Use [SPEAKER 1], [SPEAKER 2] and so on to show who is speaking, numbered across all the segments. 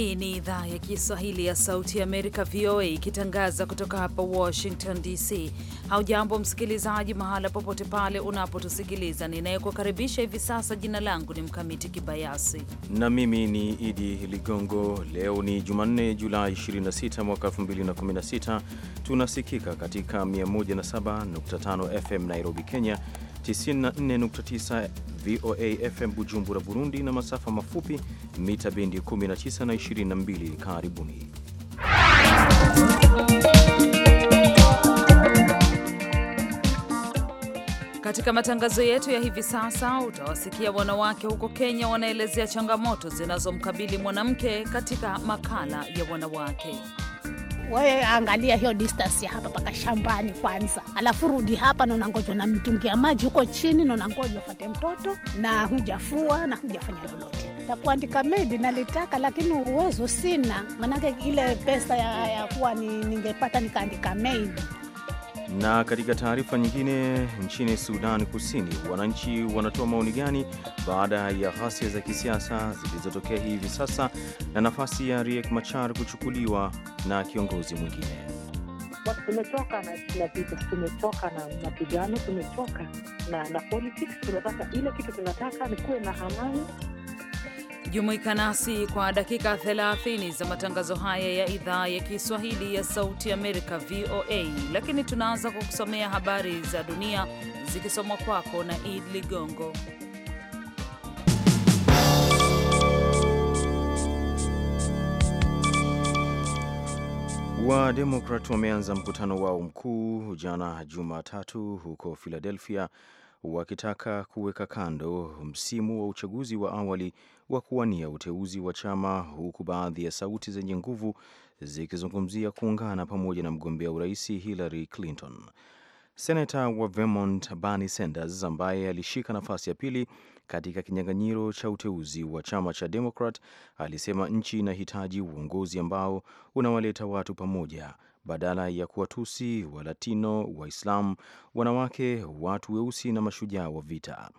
[SPEAKER 1] Hii ni idhaa ya Kiswahili ya Sauti ya Amerika, VOA, ikitangaza kutoka hapa Washington DC. Haujambo msikilizaji, mahala popote pale unapotusikiliza. Ninayekukaribisha hivi sasa, jina langu ni Mkamiti Kibayasi
[SPEAKER 2] na mimi ni Idi Ligongo. Leo ni Jumanne, Julai 26 mwaka 2016. Tunasikika katika 107.5 FM Nairobi, Kenya 94.9 VOA FM Bujumbura, Burundi na masafa mafupi mita bendi 19 na 22. Karibuni.
[SPEAKER 1] Katika matangazo yetu ya hivi sasa utawasikia wanawake huko Kenya wanaelezea changamoto zinazomkabili mwanamke katika makala ya wanawake
[SPEAKER 3] wewe angalia hiyo distance ya hapa mpaka shambani kwanza, alafu rudi hapa na unangojwa na mtungi ya maji huko chini, na unangojwa ufate mtoto na hujafua na hujafanya lolote kuandika medi nalitaka, lakini uwezo sina, manake ile pesa ya, ya kuwa ni, ningepata nikaandika medi
[SPEAKER 2] na katika taarifa nyingine, nchini Sudan Kusini, wananchi wanatoa maoni gani baada ya ghasia za kisiasa zilizotokea hivi sasa na nafasi ya Riek Machar kuchukuliwa na kiongozi mwingine?
[SPEAKER 4] Tumechoka na vita, tumechoka na mapigano, tumechoka na na politics. Tunataka ile kitu, tunataka ni kuwe na amani. Jumuika
[SPEAKER 1] nasi kwa dakika 30 za matangazo haya ya idhaa ya Kiswahili ya Sauti Amerika, VOA, lakini tunaanza kwa kusomea habari za dunia zikisomwa kwako na Id Ligongo.
[SPEAKER 2] Wademokrat wameanza mkutano wao mkuu jana Jumatatu huko Philadelphia wakitaka kuweka kando msimu wa uchaguzi wa awali wa kuwania uteuzi wa chama, huku baadhi ya sauti zenye nguvu zikizungumzia kuungana pamoja na mgombea urais Hillary Clinton. Senata wa Vermont Bernie Sanders ambaye alishika nafasi ya pili katika kinyang'anyiro cha uteuzi wa chama cha Democrat alisema nchi inahitaji uongozi ambao unawaleta watu pamoja badala ya kuwatusi Walatino, Waislamu, wanawake, watu weusi na mashujaa wa vita.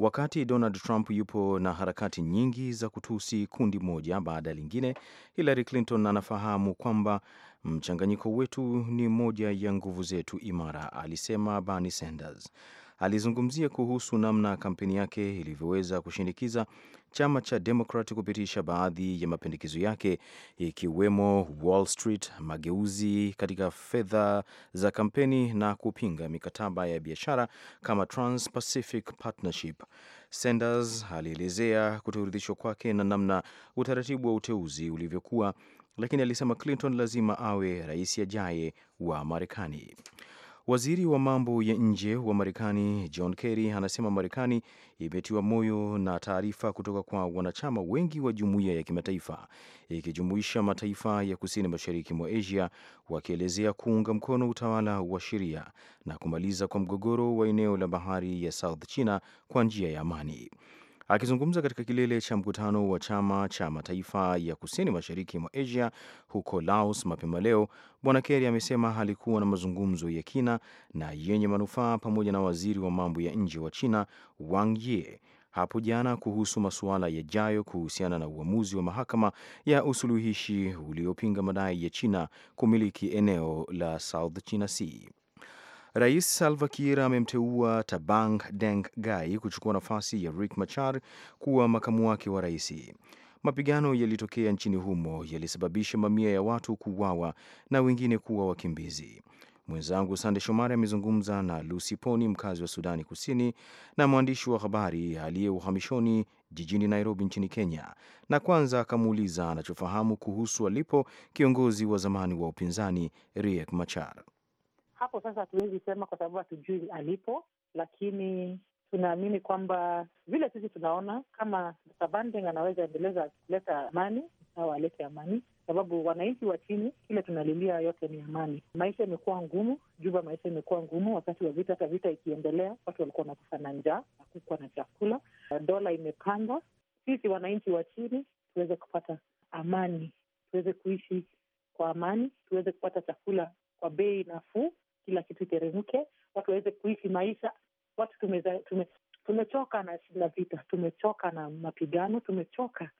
[SPEAKER 2] Wakati Donald Trump yupo na harakati nyingi za kutusi kundi moja baada ya lingine, Hillary Clinton anafahamu kwamba mchanganyiko wetu ni moja ya nguvu zetu imara, alisema Bernie Sanders. Alizungumzia kuhusu namna kampeni yake ilivyoweza kushinikiza chama cha Demokrat kupitisha baadhi ya mapendekezo yake ikiwemo Wall Street, mageuzi katika fedha za kampeni na kupinga mikataba ya biashara kama Trans-Pacific Partnership. Sanders alielezea kutoridhishwa kwake na namna utaratibu wa uteuzi ulivyokuwa, lakini alisema Clinton lazima awe rais ajaye wa Marekani. Waziri wa mambo ya nje wa Marekani John Kerry anasema Marekani imetiwa moyo na taarifa kutoka kwa wanachama wengi wa jumuiya ya kimataifa ikijumuisha mataifa ya kusini mashariki mwa Asia, wakielezea kuunga mkono utawala wa sheria na kumaliza kwa mgogoro wa eneo la bahari ya South China kwa njia ya amani. Akizungumza katika kilele cha mkutano wa chama cha mataifa ya kusini mashariki mwa Asia huko Laos mapema leo, Bwana Kerry amesema alikuwa na mazungumzo ya kina na yenye manufaa pamoja na waziri wa mambo ya nje wa China Wang Yi hapo jana kuhusu masuala yajayo kuhusiana na uamuzi wa mahakama ya usuluhishi uliopinga madai ya China kumiliki eneo la South China Sea. Rais Salva Kiir amemteua Tabang Deng Gai kuchukua nafasi ya Riek Machar kuwa makamu wake wa rais. Mapigano yalitokea nchini humo yalisababisha mamia ya watu kuuawa na wengine kuwa wakimbizi. Mwenzangu Sande Shomari amezungumza na Lusi Poni, mkazi wa Sudani Kusini na mwandishi wa habari aliye uhamishoni jijini Nairobi nchini Kenya, na kwanza akamuuliza anachofahamu kuhusu alipo kiongozi wa zamani wa upinzani Riek Machar.
[SPEAKER 4] Hapo sasa hatuwezi sema kwa sababu hatujui alipo, lakini tunaamini kwamba vile sisi tunaona kama Sabanding anaweza endeleza kuleta amani au alete amani, sababu wananchi wa chini, kile tunalilia yote ni amani. Maisha imekuwa ngumu Juba, maisha imekuwa ngumu wakati wa vita. Hata vita ikiendelea, watu walikuwa wanakufa na njaa, hakukuwa na chakula, dola imepanda. Sisi wananchi wa chini tuweze kupata amani, tuweze kuishi kwa amani, tuweze kupata chakula kwa bei nafuu, kila kitu iteremke, watu waweze kuishi maisha. Watu tumeza, tume, tumechoka na, na vita, tumechoka na mapigano, tumechoka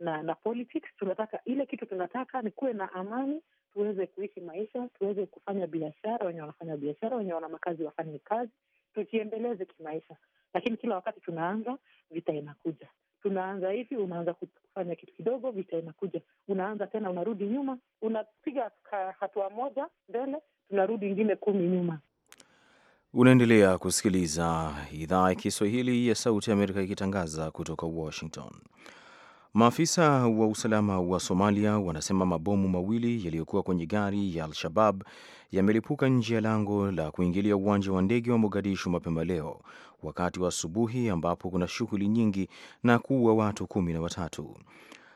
[SPEAKER 4] na na politics. Tunataka ile kitu tunataka ni kuwe na amani, tuweze kuishi maisha, tuweze kufanya biashara, wenye wanafanya biashara, wenye wana makazi wafanye kazi, tujiendeleze kimaisha. Lakini kila wakati tunaanza vita, inakuja tunaanza hivi, unaanza kufanya kitu kidogo, vita inakuja, unaanza tena, unarudi nyuma, unapiga hatua moja mbele, tunarudi ingine kumi nyuma.
[SPEAKER 2] Unaendelea kusikiliza idhaa ya Kiswahili ya Sauti ya Amerika ikitangaza kutoka Washington. Maafisa wa usalama wa Somalia wanasema mabomu mawili yaliyokuwa kwenye gari ya Al-Shabab yamelipuka nje ya lango la kuingilia uwanja wa ndege wa Mogadishu mapema leo wakati wa asubuhi, ambapo kuna shughuli nyingi na kuua watu kumi na watatu.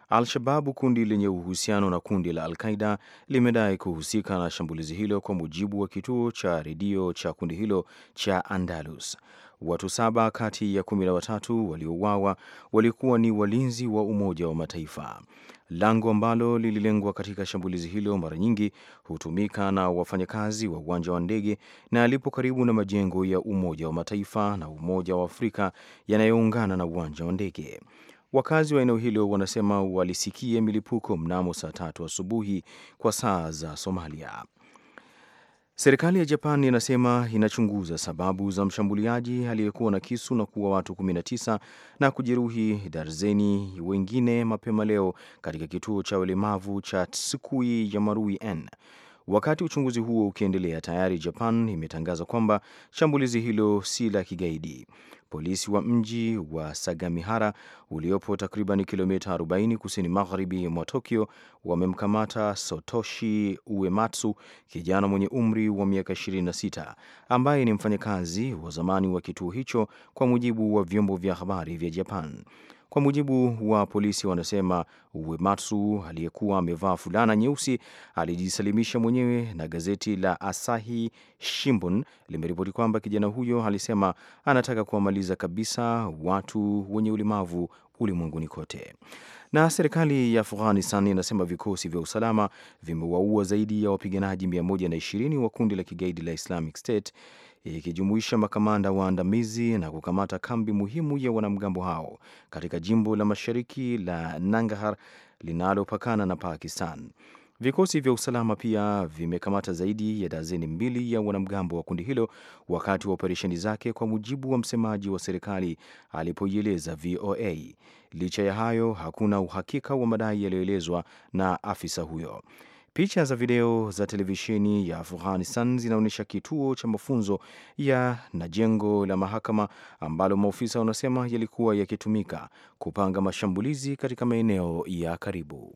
[SPEAKER 2] Al-Shababu, kundi lenye uhusiano na kundi la Al-Qaida, limedai kuhusika na shambulizi hilo, kwa mujibu wa kituo cha redio cha kundi hilo cha Andalus. Watu saba kati ya kumi na watatu waliouawa walikuwa ni walinzi wa Umoja wa Mataifa. Lango ambalo lililengwa katika shambulizi hilo mara nyingi hutumika na wafanyakazi wa uwanja wa ndege na alipo karibu na majengo ya Umoja wa Mataifa na Umoja wa Afrika yanayoungana na uwanja wa ndege. Wakazi wa eneo hilo wanasema walisikia milipuko mnamo saa tatu asubuhi kwa saa za Somalia. Serikali ya Japan inasema inachunguza sababu za mshambuliaji aliyekuwa na kisu na kuua watu 19 na kujeruhi darzeni wengine mapema leo katika kituo cha ulemavu cha Tsukui ya marui n Wakati uchunguzi huo ukiendelea, tayari Japan imetangaza kwamba shambulizi hilo si la kigaidi. Polisi wa mji wa Sagamihara uliopo takriban kilomita 40 kusini magharibi mwa Tokyo wamemkamata Sotoshi Uematsu, kijana mwenye umri wa miaka 26 ambaye ni mfanyakazi wa zamani wa kituo hicho, kwa mujibu wa vyombo vya habari vya Japan. Kwa mujibu wa polisi, wanasema Uwematsu aliyekuwa amevaa fulana nyeusi alijisalimisha mwenyewe, na gazeti la Asahi Shimbun limeripoti kwamba kijana huyo alisema anataka kuwamaliza kabisa watu wenye ulemavu ulimwenguni kote. Na serikali ya Afghanistan inasema vikosi vya usalama vimewaua zaidi ya wapiganaji 120 wa kundi la kigaidi la Islamic State ikijumuisha makamanda waandamizi na kukamata kambi muhimu ya wanamgambo hao katika jimbo la mashariki la Nangarhar linalopakana na Pakistan. Vikosi vya usalama pia vimekamata zaidi ya dazeni mbili ya wanamgambo wa kundi hilo wakati wa operesheni zake, kwa mujibu wa msemaji wa serikali alipoieleza VOA. Licha ya hayo, hakuna uhakika wa madai yaliyoelezwa na afisa huyo. Picha za video za televisheni ya Afghanistan zinaonyesha kituo cha mafunzo ya na jengo la mahakama ambalo maofisa wanasema yalikuwa yakitumika kupanga mashambulizi katika maeneo ya karibu.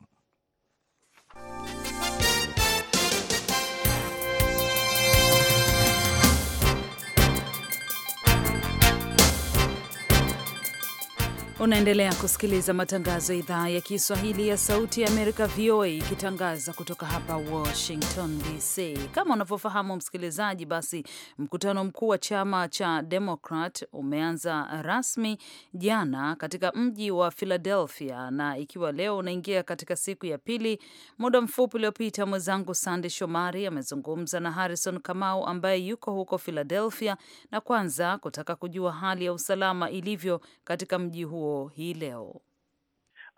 [SPEAKER 1] Unaendelea kusikiliza matangazo ya idhaa ya Kiswahili ya Sauti ya Amerika, VOA, ikitangaza kutoka hapa Washington DC. Kama unavyofahamu msikilizaji, basi mkutano mkuu wa chama cha Demokrat umeanza rasmi jana katika mji wa Philadelphia, na ikiwa leo unaingia katika siku ya pili. Muda mfupi uliopita, mwenzangu Sande Shomari amezungumza na Harrison Kamau ambaye yuko huko Philadelphia, na kwanza kutaka kujua hali ya usalama ilivyo katika mji huo Heleo. hii leo.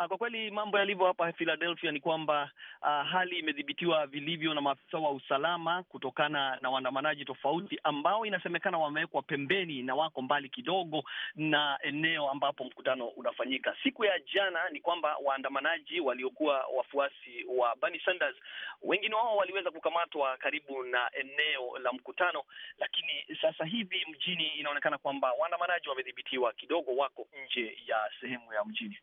[SPEAKER 5] Ah, kwa kweli mambo yalivyo hapa Philadelphia ni kwamba uh, hali imedhibitiwa vilivyo na maafisa wa usalama kutokana na waandamanaji tofauti ambao inasemekana wamewekwa pembeni na wako mbali kidogo na eneo ambapo mkutano unafanyika. Siku ya jana ni kwamba waandamanaji waliokuwa wafuasi wa Bernie Sanders, wengine wao waliweza kukamatwa karibu na eneo la mkutano, lakini sasa hivi mjini inaonekana kwamba waandamanaji wamedhibitiwa kidogo, wako nje ya sehemu ya mjini.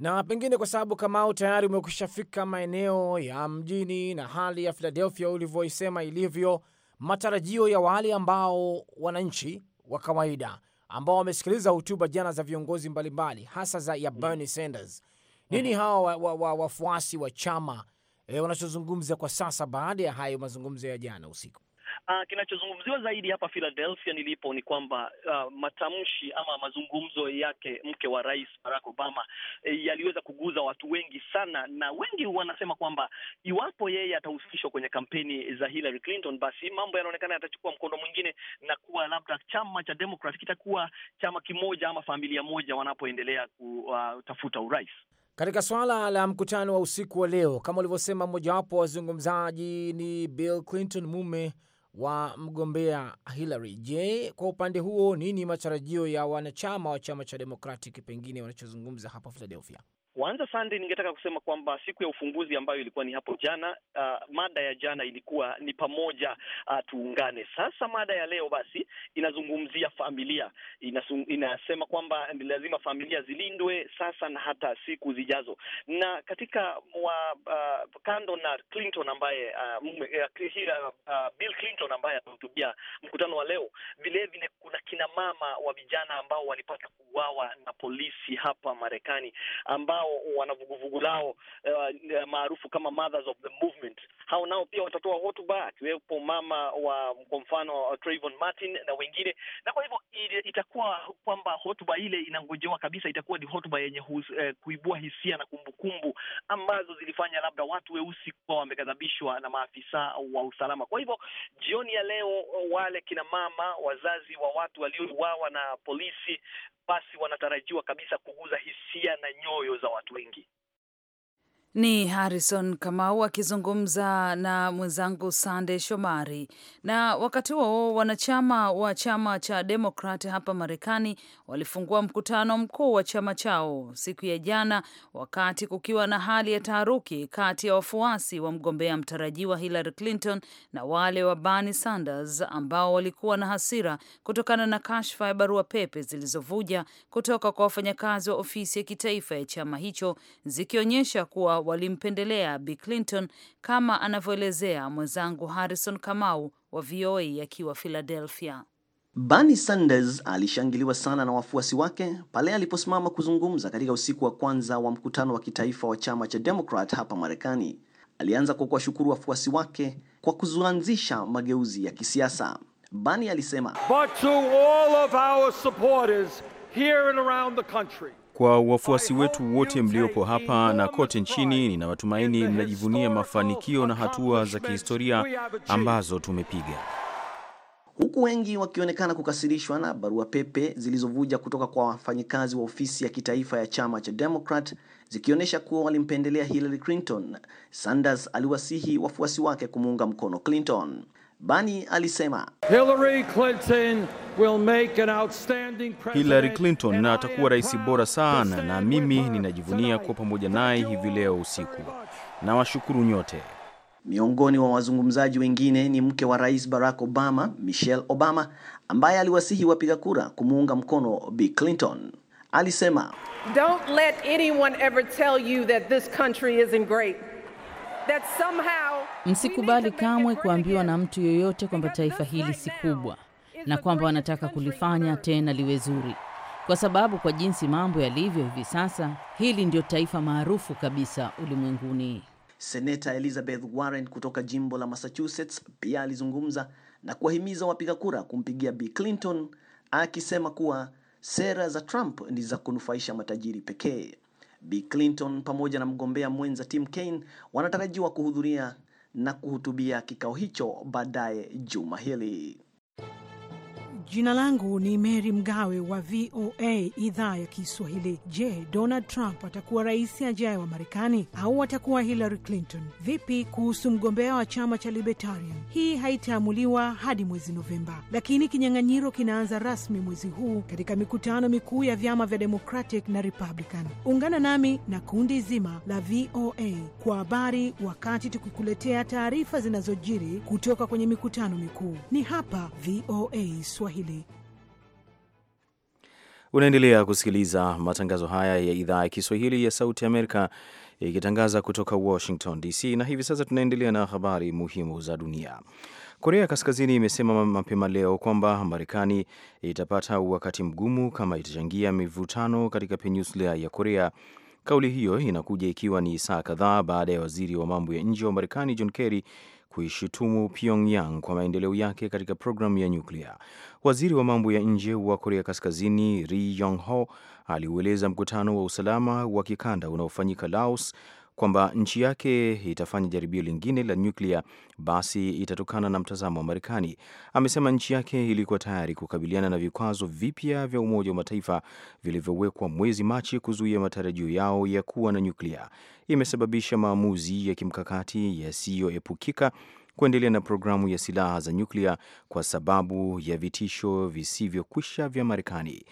[SPEAKER 2] Na pengine kwa sababu Kamau tayari umekushafika maeneo ya mjini na hali ya Philadelphia ulivyoisema ilivyo, matarajio ya wale ambao wananchi wa kawaida ambao wamesikiliza hotuba jana za viongozi mbalimbali hasa za ya Bernie Sanders, nini hawa wafuasi wa, wa, wa, wa chama e, wanachozungumza kwa sasa baada ya hayo mazungumzo ya jana usiku?
[SPEAKER 5] Uh, kinachozungumziwa zaidi hapa Philadelphia nilipo ni kwamba uh, matamshi ama mazungumzo yake mke wa Rais Barack Obama eh, yaliweza kuguza watu wengi sana, na wengi wanasema kwamba iwapo yeye atahusishwa kwenye kampeni za Hillary Clinton, basi mambo yanaonekana yatachukua mkondo mwingine na kuwa labda chama cha Democrat kitakuwa chama kimoja ama familia moja wanapoendelea kutafuta ah, uh, urais.
[SPEAKER 2] Katika swala la mkutano wa usiku wa leo, kama ulivyosema, mmojawapo wa wazungumzaji ni Bill Clinton, mume wa mgombea Hillary. Je, kwa upande huo nini matarajio ya wanachama wa chama cha Democratic pengine wanachozungumza hapa Philadelphia?
[SPEAKER 5] Kwanza sande ningetaka kusema kwamba siku ya ufunguzi ambayo ilikuwa ni hapo jana, uh, mada ya jana ilikuwa ni pamoja, uh, tuungane. Sasa mada ya leo basi inazungumzia familia, inasung, inasema kwamba ni lazima familia zilindwe sasa na hata siku zijazo, na katika wa, uh, kando na Clinton ambaye uh, uh, uh, Bill Clinton ambaye amehutubia mkutano wa leo, vilevile kuna kina mama wa vijana ambao walipata kuuawa na polisi hapa Marekani ambao ambao wana vuguvugu lao uh, maarufu kama Mothers of the Movement. Hao nao pia watatoa hotuba akiwepo mama wa kwa mfano Trayvon Martin na wengine, na kwa hivyo itakuwa kwamba hotuba ile inangojewa kabisa, itakuwa ni hotuba yenye hus, eh, kuibua hisia na kumbukumbu ambazo zilifanya labda watu weusi kuwa wamekadhabishwa na maafisa wa usalama. Kwa hivyo jioni ya leo, wale kina mama wazazi wa watu waliouawa na polisi basi wanatarajiwa kabisa kuguza hisia na nyoyo za watu wengi.
[SPEAKER 1] Ni Harrison Kamau akizungumza na mwenzangu Sande Shomari. Na wakati huo wanachama wa chama cha Demokrat hapa Marekani walifungua mkutano mkuu wa chama chao siku ya jana, wakati kukiwa na hali ya taharuki kati ya wafuasi wa mgombea mtarajiwa Hillary Clinton na wale wa Bernie Sanders ambao walikuwa na hasira kutokana na kashfa ya barua pepe zilizovuja kutoka kwa wafanyakazi wa ofisi ya kitaifa ya chama hicho zikionyesha kuwa walimpendelea Bi Clinton kama anavyoelezea mwenzangu Harrison Kamau wa VOA akiwa Philadelphia.
[SPEAKER 6] Bernie Sanders alishangiliwa sana na wafuasi wake pale aliposimama kuzungumza katika usiku wa kwanza wa mkutano wa kitaifa wa chama cha Democrat hapa Marekani. Alianza kwa kuwashukuru wafuasi wake kwa kuzuanzisha mageuzi ya kisiasa. Bernie alisema, But to all of our supporters here and around the country
[SPEAKER 2] kwa wafuasi wetu wote mliopo hapa na kote nchini, nina matumaini mnajivunia mafanikio na hatua za kihistoria ambazo tumepiga,
[SPEAKER 6] huku wengi wakionekana kukasirishwa na barua pepe zilizovuja kutoka kwa wafanyikazi wa ofisi ya kitaifa ya chama cha Democrat zikionyesha kuwa walimpendelea Hillary Clinton. Sanders aliwasihi wafuasi wake kumuunga mkono Clinton. Bani alisema
[SPEAKER 2] Hillary Clinton will make an outstanding president. Hillary Clinton na atakuwa rais bora sana, na mimi ninajivunia kuwa pamoja naye hivi leo usiku. Nawashukuru nyote.
[SPEAKER 6] Miongoni mwa wazungumzaji wengine ni mke wa rais Barack Obama, Michelle Obama, ambaye aliwasihi wapiga kura kumuunga mkono Bi Clinton. Alisema
[SPEAKER 7] Don't let anyone ever tell you that this country isn't great.
[SPEAKER 6] Msikubali kamwe kuambiwa na
[SPEAKER 8] mtu yoyote kwamba taifa hili si kubwa na kwamba wanataka kulifanya tena liwe zuri, kwa sababu kwa jinsi mambo yalivyo hivi sasa, hili ndio taifa maarufu
[SPEAKER 6] kabisa ulimwenguni. Seneta Elizabeth Warren kutoka jimbo la Massachusetts pia alizungumza na kuwahimiza wapiga kura kumpigia Bi Clinton akisema kuwa sera za Trump ni za kunufaisha matajiri pekee b Clinton pamoja na mgombea mwenza Tim Kaine wanatarajiwa kuhudhuria na kuhutubia kikao hicho baadaye juma hili.
[SPEAKER 3] Jina langu ni Mary Mgawe wa VOA idhaa ya Kiswahili. Je, Donald Trump atakuwa rais ajaye wa Marekani au atakuwa Hillary Clinton? Vipi kuhusu mgombea wa chama cha Libertarian? Hii haitaamuliwa hadi mwezi Novemba, lakini kinyang'anyiro kinaanza rasmi mwezi huu katika mikutano mikuu ya vyama vya Democratic na Republican. Ungana nami na kundi zima la VOA kwa habari, wakati tukikuletea taarifa zinazojiri kutoka kwenye mikutano mikuu. Ni hapa VOA Swahili hili.
[SPEAKER 2] Unaendelea kusikiliza matangazo haya ya idhaa ya Kiswahili ya Sauti Amerika ikitangaza kutoka Washington DC, na hivi sasa tunaendelea na habari muhimu za dunia. Korea Kaskazini imesema mapema leo kwamba Marekani itapata wakati mgumu kama itachangia mivutano katika peninsula ya Korea. Kauli hiyo inakuja ikiwa ni saa kadhaa baada ya waziri wa mambo ya nje wa Marekani John Kerry kuishutumu Pyongyang kwa maendeleo yake katika programu ya nyuklia. Waziri wa mambo ya nje wa Korea Kaskazini Ri Yong Ho aliueleza mkutano wa usalama wa kikanda unaofanyika Laos kwamba nchi yake itafanya jaribio lingine la nyuklia, basi itatokana na mtazamo wa Marekani. Amesema nchi yake ilikuwa tayari kukabiliana na vikwazo vipya vya Umoja wa Mataifa vilivyowekwa mwezi Machi kuzuia matarajio yao ya kuwa na nyuklia. Imesababisha maamuzi ya kimkakati yasiyoepukika kuendelea na programu ya silaha za nyuklia kwa sababu ya vitisho visivyokwisha vya Marekani.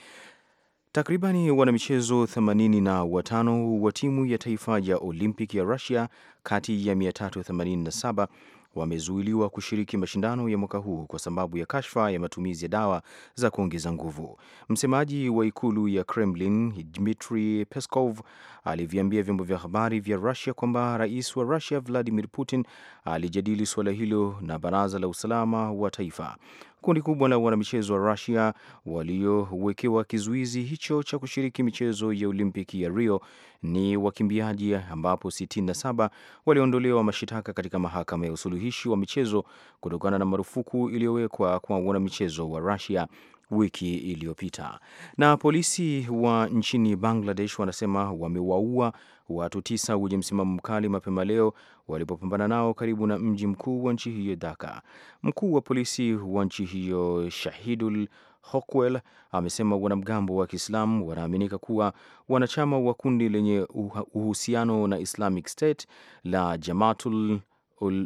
[SPEAKER 2] Takribani wanamichezo 85 wa timu ya taifa ya Olympic ya Russia kati ya 387 wamezuiliwa kushiriki mashindano ya mwaka huu kwa sababu ya kashfa ya matumizi ya dawa za kuongeza nguvu. Msemaji wa ikulu ya Kremlin, Dmitri Peskov, aliviambia vyombo vya habari vya Russia kwamba rais wa Russia Vladimir Putin alijadili suala hilo na baraza la usalama wa taifa Kundi kubwa la wanamichezo wa Rusia waliowekewa kizuizi hicho cha kushiriki michezo ya Olimpiki ya Rio ni wakimbiaji, ambapo 67 waliondolewa mashitaka katika mahakama ya usuluhishi wa michezo kutokana na marufuku iliyowekwa kwa wanamichezo wa Rusia wiki iliyopita. Na polisi wa nchini Bangladesh wanasema wamewaua watu tisa wenye msimamo mkali mapema leo walipopambana nao karibu na mji mkuu wa nchi hiyo Dhaka. Mkuu wa polisi wa nchi hiyo Shahidul Hokwel amesema wanamgambo wa Kiislamu wanaaminika kuwa wanachama wa kundi lenye uhusiano na Islamic State la Jamatul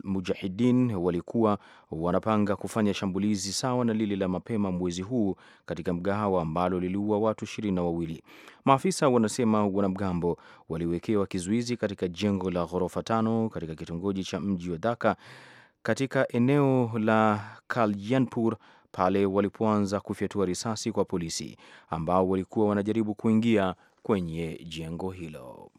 [SPEAKER 2] Mujahidin walikuwa wanapanga kufanya shambulizi sawa na lile la mapema mwezi huu katika mgahawa ambalo liliua watu ishirini na wawili. Maafisa wanasema wanamgambo waliwekewa kizuizi katika jengo la ghorofa tano katika kitongoji cha mji wa Dhaka katika eneo la Kalyanpur pale walipoanza kufyatua risasi kwa polisi ambao walikuwa wanajaribu kuingia kwenye jengo hilo.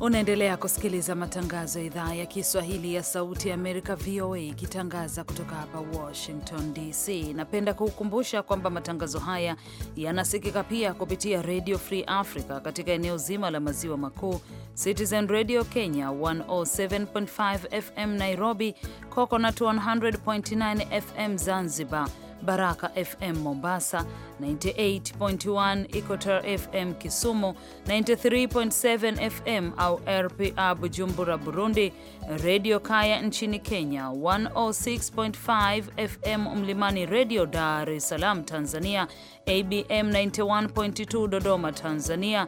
[SPEAKER 1] Unaendelea kusikiliza matangazo ya idhaa ya Kiswahili ya Sauti ya Amerika, VOA, ikitangaza kutoka hapa Washington DC. Napenda kukukumbusha kwamba matangazo haya yanasikika pia kupitia Radio Free Africa katika eneo zima la maziwa makuu, Citizen Radio Kenya 107.5 FM Nairobi, Coconut 100.9 FM Zanzibar, Baraka FM Mombasa, 98.1 Equator FM Kisumu, 93.7 FM au RPA Bujumbura Burundi, Radio Kaya nchini Kenya, 106.5 FM Mlimani Radio Dar es Salaam Tanzania, ABM 91.2 Dodoma Tanzania,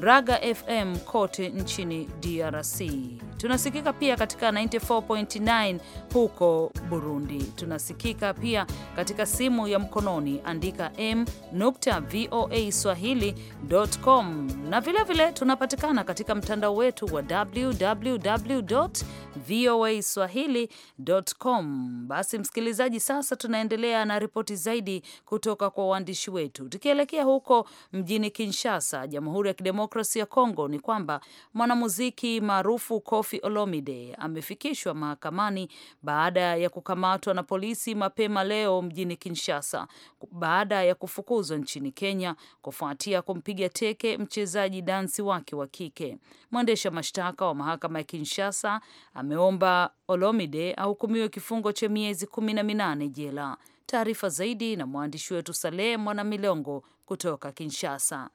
[SPEAKER 1] Raga FM kote nchini DRC. Tunasikika pia katika 94.9 huko Burundi. Tunasikika pia katika simu ya mkononi, andika m.voaswahili.com, swahili.com, na vilevile vile tunapatikana katika mtandao wetu wa www voa swahili.com. Basi msikilizaji, sasa tunaendelea na ripoti zaidi kutoka kwa waandishi wetu, tukielekea huko mjini Kinshasa, Jamhuri ya Kidemokrasi ya Kongo. Ni kwamba mwanamuziki maarufu Koffi Olomide amefikishwa mahakamani baada ya kukamatwa na polisi mapema leo mjini Kinshasa baada ya kufukuzwa nchini Kenya kufuatia kumpiga teke mchezaji dansi wake wa kike. Mwendesha mashtaka wa mahakama ya Kinshasa ameomba Olomide ahukumiwe kifungo cha miezi kumi na minane jela. Taarifa zaidi na mwandishi wetu Saleh Mwanamilongo kutoka Kinshasa.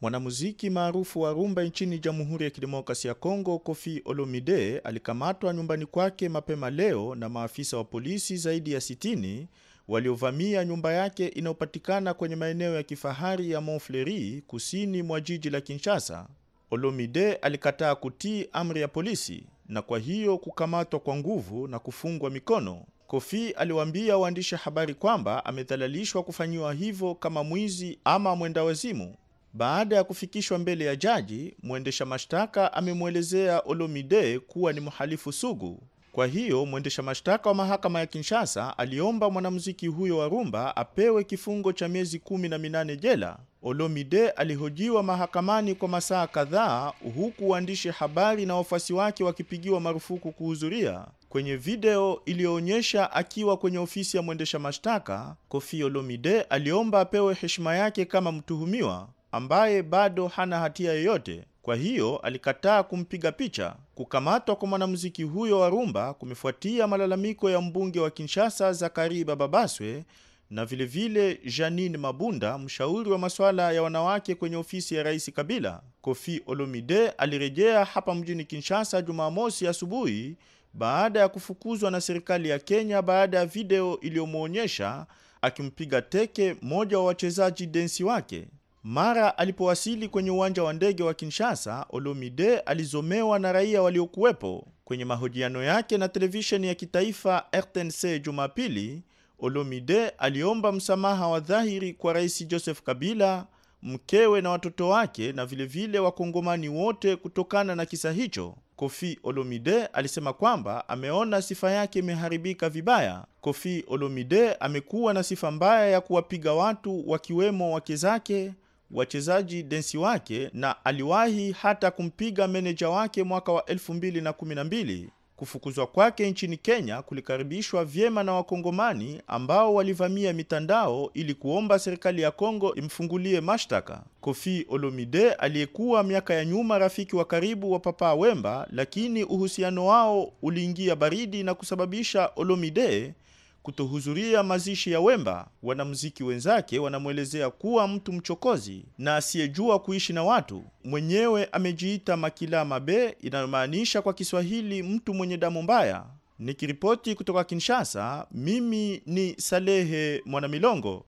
[SPEAKER 9] Mwanamuziki maarufu wa rumba nchini Jamhuri ya Kidemokrasia ya Kongo, Kofi Olomide alikamatwa nyumbani kwake mapema leo na maafisa wa polisi zaidi ya 60 waliovamia nyumba yake inayopatikana kwenye maeneo ya kifahari ya montfleri kusini mwa jiji la Kinshasa. Olomide alikataa kutii amri ya polisi na kwa hiyo kukamatwa kwa nguvu na kufungwa mikono. Kofi aliwaambia waandishi habari kwamba amedhalalishwa kufanyiwa hivyo kama mwizi ama mwenda wazimu. Baada ya kufikishwa mbele ya jaji, mwendesha mashtaka amemwelezea Olomide kuwa ni mhalifu sugu. Kwa hiyo mwendesha mashtaka wa mahakama ya Kinshasa aliomba mwanamuziki huyo wa rumba apewe kifungo cha miezi kumi na minane jela. Olomide alihojiwa mahakamani kwa masaa kadhaa huku waandishi habari na wafuasi wake wakipigiwa marufuku kuhudhuria. Kwenye video iliyoonyesha akiwa kwenye ofisi ya mwendesha mashtaka, Koffi Olomide aliomba apewe heshima yake kama mtuhumiwa ambaye bado hana hatia yoyote. Kwa hiyo alikataa kumpiga picha. Kukamatwa kwa mwanamuziki huyo wa rumba kumefuatia malalamiko ya mbunge wa Kinshasa Zakari Bababaswe na vilevile vile Janine Mabunda, mshauri wa masuala ya wanawake kwenye ofisi ya Rais Kabila, Kofi Olomide alirejea hapa mjini Kinshasa Jumamosi asubuhi baada ya kufukuzwa na serikali ya Kenya baada ya video iliyomwonyesha akimpiga teke mmoja wa wachezaji densi wake. Mara alipowasili kwenye uwanja wa ndege wa Kinshasa, Olomide alizomewa na raia waliokuwepo. Kwenye mahojiano yake na televisheni ya kitaifa RTNC Jumapili, Olomide aliomba msamaha wa dhahiri kwa Rais Joseph Kabila, mkewe na watoto wake na vilevile wakongomani wote kutokana na kisa hicho. Kofi Olomide alisema kwamba ameona sifa yake imeharibika vibaya. Kofi Olomide amekuwa na sifa mbaya ya kuwapiga watu wakiwemo wake zake, wachezaji densi wake na aliwahi hata kumpiga meneja wake mwaka wa 2012. Kufukuzwa kwake nchini Kenya kulikaribishwa vyema na Wakongomani ambao walivamia mitandao ili kuomba serikali ya Kongo imfungulie mashtaka. Kofi Olomide aliyekuwa miaka ya nyuma rafiki wa karibu wa Papa Wemba, lakini uhusiano wao uliingia baridi na kusababisha Olomide kutohudhuria mazishi ya Wemba. Wanamuziki wenzake wanamwelezea kuwa mtu mchokozi na asiyejua kuishi na watu. Mwenyewe amejiita Makila Mabe, inayomaanisha kwa Kiswahili mtu mwenye damu mbaya. Nikiripoti kutoka Kinshasa, mimi ni Salehe Mwanamilongo.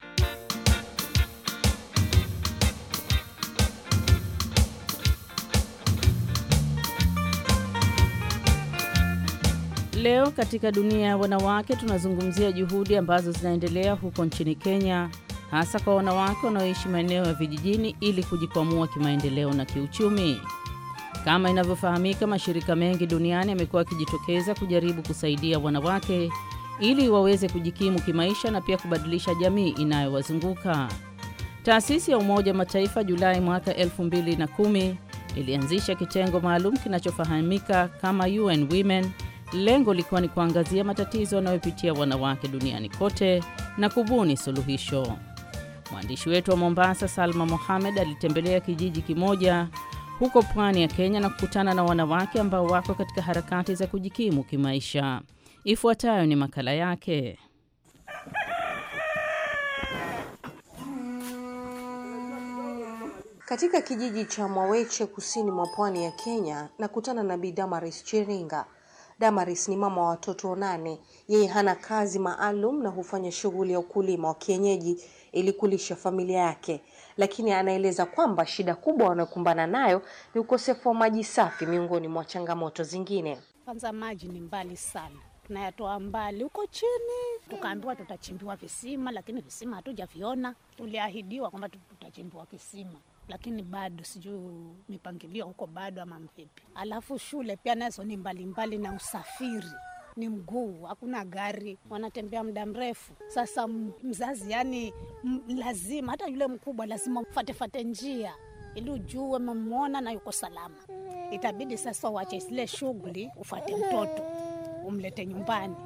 [SPEAKER 8] leo katika dunia ya wanawake tunazungumzia juhudi ambazo zinaendelea huko nchini Kenya, hasa kwa wanawake wanaoishi maeneo ya vijijini ili kujikwamua kimaendeleo na kiuchumi. Kama inavyofahamika, mashirika mengi duniani yamekuwa yakijitokeza kujaribu kusaidia wanawake ili waweze kujikimu kimaisha na pia kubadilisha jamii inayowazunguka. Taasisi ya Umoja wa Mataifa Julai mwaka 2010 ilianzisha kitengo maalum kinachofahamika kama UN Women lengo likiwa ni kuangazia matatizo yanayopitia wanawake duniani kote na kubuni suluhisho. Mwandishi wetu wa Mombasa, Salma Mohamed, alitembelea kijiji kimoja huko pwani ya Kenya na kukutana na wanawake ambao wako katika harakati za kujikimu kimaisha. Ifuatayo ni makala yake.
[SPEAKER 7] Katika kijiji cha Mwaweche kusini mwa pwani ya Kenya nakutana na Bi Damaris Chiringa Damaris ni mama wa watoto nane. Yeye hana kazi maalum na hufanya shughuli ya ukulima wa kienyeji ili kulisha familia yake, lakini anaeleza kwamba shida kubwa wanayokumbana nayo ni ukosefu wa maji safi miongoni mwa changamoto zingine.
[SPEAKER 3] Kwanza maji ni mbali sana tunayatoa mbali huko chini. Tukaambiwa tutachimbiwa visima, lakini visima hatujaviona. Tuliahidiwa kwamba tutachimbiwa kisima lakini bado sijuu mipangilio huko bado ama mvipi. Alafu shule pia nazo ni mbalimbali na usafiri ni mguu, hakuna gari, wanatembea muda mrefu. Sasa mzazi yani lazima, hata yule mkubwa lazima ufatefate njia ili ujue mamwona na yuko salama. Itabidi sasa uache zile shughuli, ufate mtoto umlete nyumbani,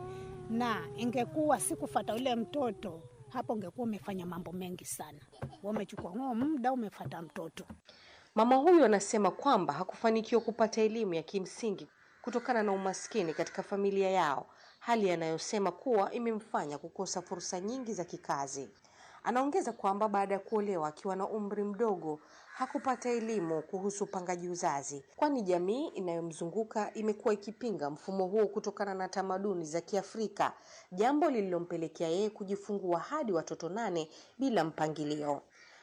[SPEAKER 3] na ingekuwa sikufata yule mtoto hapo ungekuwa umefanya mambo mengi sana. Umechukua ng'o muda umefata mtoto. Mama huyu
[SPEAKER 7] anasema kwamba hakufanikiwa kupata elimu ya kimsingi kutokana na umaskini katika familia yao, hali anayosema kuwa imemfanya kukosa fursa nyingi za kikazi. Anaongeza kwamba baada ya kuolewa akiwa na umri mdogo hakupata elimu kuhusu upangaji uzazi, kwani jamii inayomzunguka imekuwa ikipinga mfumo huo kutokana na tamaduni za Kiafrika, jambo lililompelekea yeye kujifungua hadi watoto nane bila mpangilio.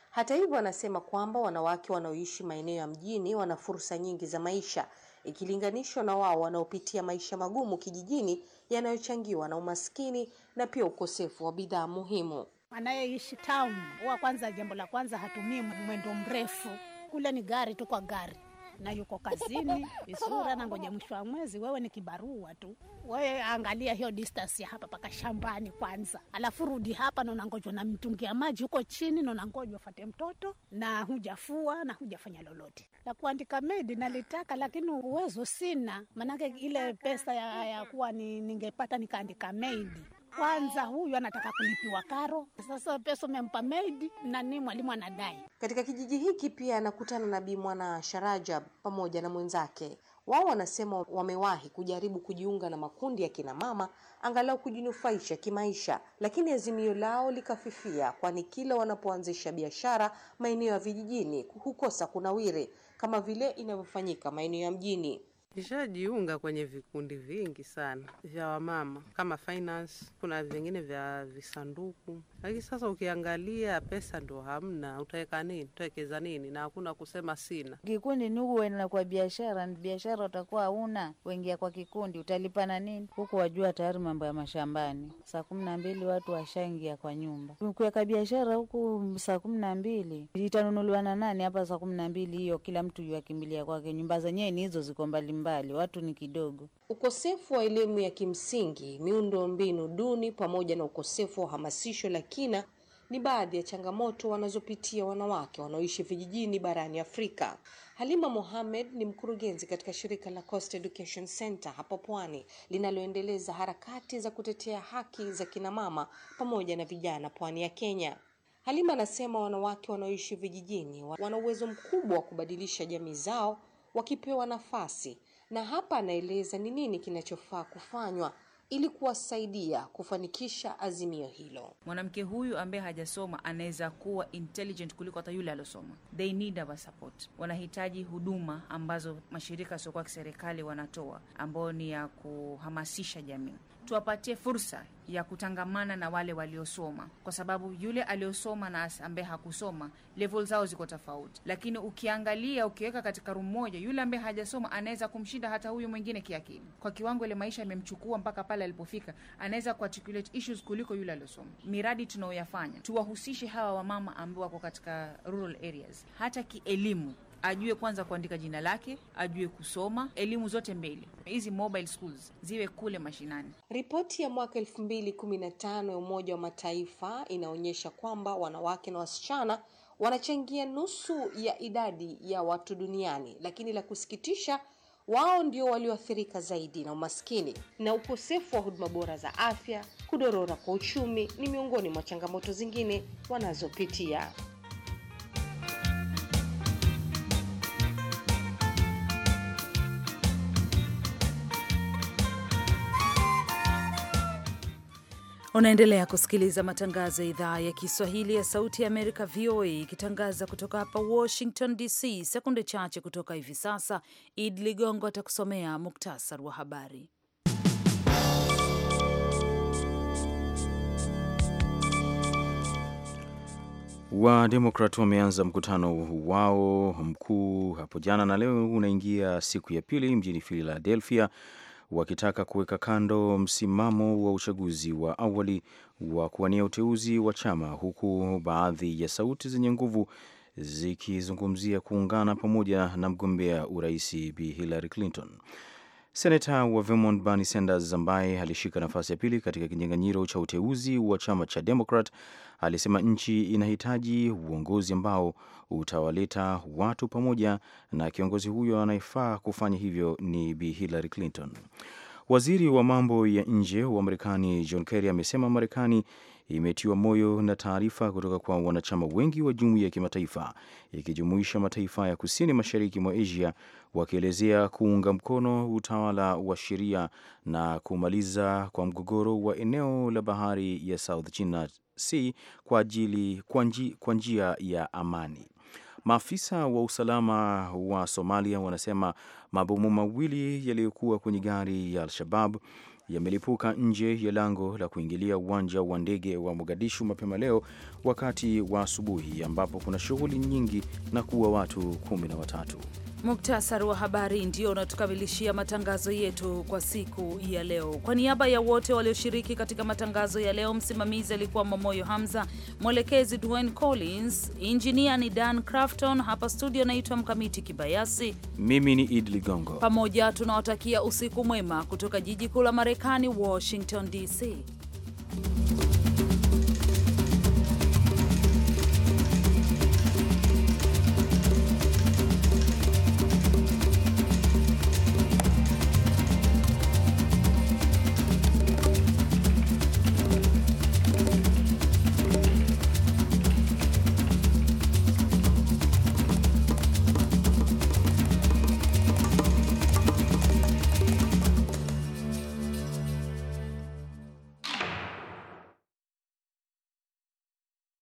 [SPEAKER 7] Hata hivyo, anasema kwamba wanawake wanaoishi maeneo ya mjini wana fursa nyingi za maisha ikilinganishwa na wao wanaopitia maisha magumu kijijini yanayochangiwa na umaskini na pia ukosefu wa bidhaa muhimu
[SPEAKER 3] anayeishi town huwa kwanza, jambo la kwanza hatumii mwendo mrefu, kule ni gari tu kwa gari na yuko kazini Isura na ngoja mwisho wa mwezi. Wewe ni kibarua tu, wewe angalia hiyo distance ya hapa paka shambani kwanza, alafu rudi hapa na unangojwa na mtungi ya maji huko chini, na unangojwa fate mtoto na hujafua na hujafanya lolote. La kuandika medi nalitaka, lakini uwezo sina, maanake ile pesa ya, ya kuwa ni, ningepata nikaandika medi kwanza huyu anataka kulipiwa karo, sasa pesa umempa maid na ni mwalimu anadai.
[SPEAKER 7] Katika kijiji hiki pia anakutana na Bi Mwana Sharajab pamoja na mwenzake. Wao wanasema wamewahi kujaribu kujiunga na makundi ya kina mama angalau kujinufaisha kimaisha, lakini azimio lao likafifia, kwani kila wanapoanzisha biashara maeneo ya vijijini hukosa kunawiri kama vile inavyofanyika maeneo ya mjini. Nishajiunga kwenye vikundi vingi sana vya wamama kama finance, kuna vingine vya visanduku, lakini sasa ukiangalia pesa ndo hamna, utaweka nini? Utawekeza nini? Na hakuna kusema sina
[SPEAKER 8] kikundi. Nuguwena kwa biashara, biashara utakuwa hauna, wengia kwa kikundi, utalipana nini huku? Wajua tayari mambo ya mashambani, saa kumi na mbili watu washaingia kwa nyumba. Kuweka biashara huku saa kumi na mbili itanunuliwa na nani hapa saa kumi na mbili hiyo? Kila mtu yuakimbilia kwake, nyumba zenyewe ni hizo, ziko mbali mbali, watu ni kidogo. Ukosefu wa elimu
[SPEAKER 7] ya kimsingi, miundo mbinu duni, pamoja na ukosefu wa hamasisho la kina ni baadhi ya changamoto wanazopitia wanawake wanaoishi vijijini barani Afrika. Halima Mohamed ni mkurugenzi katika shirika la Coast Education Center hapo Pwani linaloendeleza harakati za kutetea haki za kinamama pamoja na vijana pwani ya Kenya. Halima anasema wanawake wanaoishi vijijini wana uwezo mkubwa wa kubadilisha jamii zao wakipewa nafasi na hapa anaeleza ni nini kinachofaa kufanywa ili kuwasaidia kufanikisha azimio hilo. Mwanamke huyu ambaye
[SPEAKER 1] hajasoma anaweza kuwa intelligent kuliko hata yule aliosoma. They need our support, wanahitaji huduma ambazo mashirika yasiokuwa kiserikali wanatoa, ambayo ni ya kuhamasisha jamii tuwapatie fursa ya kutangamana na wale waliosoma, kwa sababu yule aliosoma na ambaye hakusoma level zao ziko tofauti. Lakini ukiangalia ukiweka katika room moja, yule ambaye hajasoma anaweza kumshinda hata huyu mwingine kiakili, kwa kiwango ile maisha imemchukua mpaka pale alipofika, anaweza kuarticulate issues kuliko yule aliyosoma. Miradi tunaoyafanya tuwahusishe hawa wamama ambao wako katika rural areas, hata kielimu ajue kwanza kuandika jina lake, ajue kusoma, elimu zote mbili hizi mobile schools ziwe kule
[SPEAKER 7] mashinani. Ripoti ya mwaka elfu mbili kumi na tano ya Umoja wa Mataifa inaonyesha kwamba wanawake na wasichana wanachangia nusu ya idadi ya watu duniani, lakini la kusikitisha wao ndio walioathirika zaidi na umaskini na ukosefu wa huduma bora za afya. Kudorora kwa uchumi ni miongoni mwa changamoto zingine wanazopitia.
[SPEAKER 1] Unaendelea kusikiliza matangazo ya idhaa ya Kiswahili ya Sauti ya Amerika, VOA, ikitangaza kutoka hapa Washington DC. Sekunde chache kutoka hivi sasa, id Ligongo atakusomea muktasar wa habari.
[SPEAKER 2] Wademokrat wameanza mkutano wao mkuu hapo jana na leo unaingia siku ya pili mjini Philadelphia wakitaka kuweka kando msimamo wa uchaguzi wa awali wa kuwania uteuzi wa chama, huku baadhi ya sauti zenye nguvu zikizungumzia kuungana pamoja na mgombea urais Bi Hillary Clinton. Seneta wa Vermont Bernie Sanders ambaye alishika nafasi ya pili katika kinyang'anyiro cha uteuzi wa chama cha Democrat alisema nchi inahitaji uongozi ambao utawaleta watu pamoja, na kiongozi huyo anayefaa kufanya hivyo ni Bi Hillary Clinton. Waziri wa mambo ya nje wa Marekani John Kerry amesema Marekani imetiwa moyo na taarifa kutoka kwa wanachama wengi wa jumuiya ya kimataifa ikijumuisha mataifa ya kusini mashariki mwa Asia wakielezea kuunga mkono utawala wa sheria na kumaliza kwa mgogoro wa eneo la bahari ya South China Sea kwa ajili kwa njia ya amani. Maafisa wa usalama wa Somalia wanasema mabomu mawili yaliyokuwa kwenye gari ya Al-Shabab yamelipuka nje ya lango la kuingilia uwanja wa ndege wa Mogadishu mapema leo wakati wa asubuhi, ambapo kuna shughuli nyingi na kuua watu kumi na watatu.
[SPEAKER 1] Muktasari wa habari ndio unatukamilishia matangazo yetu kwa siku ya leo. Kwa niaba ya wote walioshiriki katika matangazo ya leo, msimamizi alikuwa Mamoyo Hamza, mwelekezi Dwayne Collins, injinia ni Dan Crafton. Hapa studio anaitwa Mkamiti Kibayasi,
[SPEAKER 2] mimi ni Idi Ligongo.
[SPEAKER 1] Pamoja tunawatakia usiku mwema kutoka jiji kuu la Marekani, Washington DC.